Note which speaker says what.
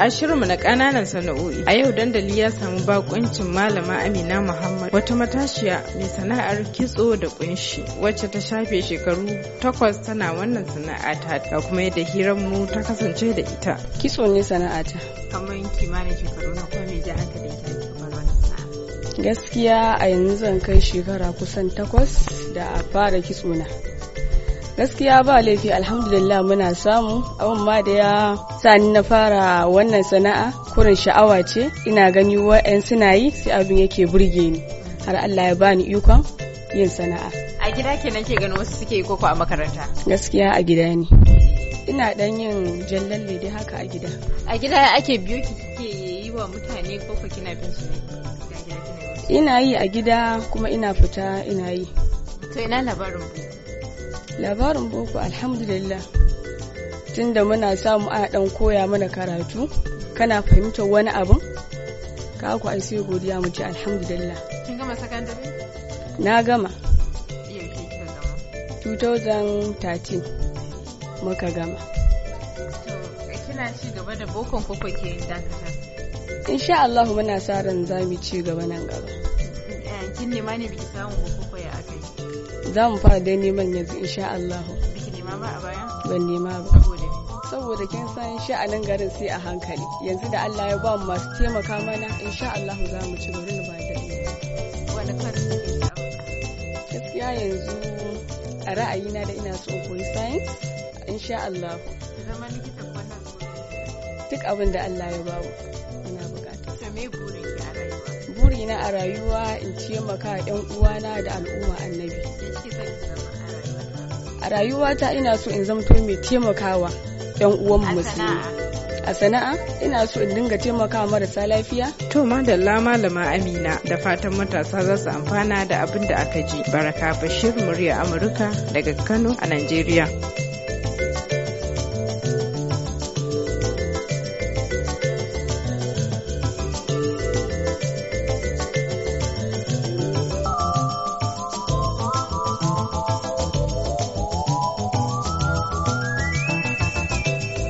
Speaker 1: A shirinmu na ƙananan sana'o'i a yau dandali ya samu bakuncin malama Amina Muhammad wata matashiya mai sana'ar kitso da kunshi wacce ta shafe shekaru takwas tana wannan sana'a ta
Speaker 2: ga kuma yadda hiranmu ta kasance da ita. Kitso ne sana'ata. Kamar kimanin shekaru
Speaker 1: na kuma mai ji hankali ta
Speaker 2: Gaskiya a yanzu zan kai shekara kusan takwas da a fara kitsona. gaskiya ba laifi alhamdulillah muna samu abin ma da ya sani na fara wannan sana'a kurin sha'awa ce ina gani wa'yan suna yi sai abin yake burge ni har Allah ya bani ikon yin sana'a
Speaker 1: a gida ke nake ganin wasu suke yi koko a makaranta
Speaker 2: gaskiya a gida ne ina dan yin jallalle lede haka a gida a gida ake biyo ki
Speaker 1: suke yi wa mutane koko kina bin shi
Speaker 2: ina yi a gida kuma ina fita ina yi
Speaker 1: to ina labarin
Speaker 2: labarin boko alhamdulillah tunda muna samu ana dan koya mana karatu kana fahimtar wani abin ka ku ai sai godiya mu ce alhamdulillah
Speaker 1: kin gama secondary
Speaker 2: na gama 2013 muka gama
Speaker 1: kina ci gaba da bokon koko ke dakatar
Speaker 2: insha Allah muna sa ran za mu ci gaba nan gaba
Speaker 1: bikin nema ne biki samu
Speaker 2: ko ko ya aka yi za mu fara dai neman yanzu insha Allah biki nema ba a baya ban nema ba saboda kin san sha'anin garin sai a hankali yanzu da Allah ya ba mu masu taimaka mana insha Allah za mu ci garin ba da wani karin da ke gaskiya yanzu a ra'ayina da ina so koyi science insha Allah zama likita duk abin da Allah ya ba mu. ina bukata me na a rayuwa in taimaka yan uwana da al'umma annabi a rayuwata ina so in zamto mai taimakawa yan uwan musulmi a sana'a ina so in dinga taimakawa marasa lafiya
Speaker 1: to madalla malama amina da fatan matasa za su amfana da abin da aka ji baraka bashir murya amurka daga kano a najeriya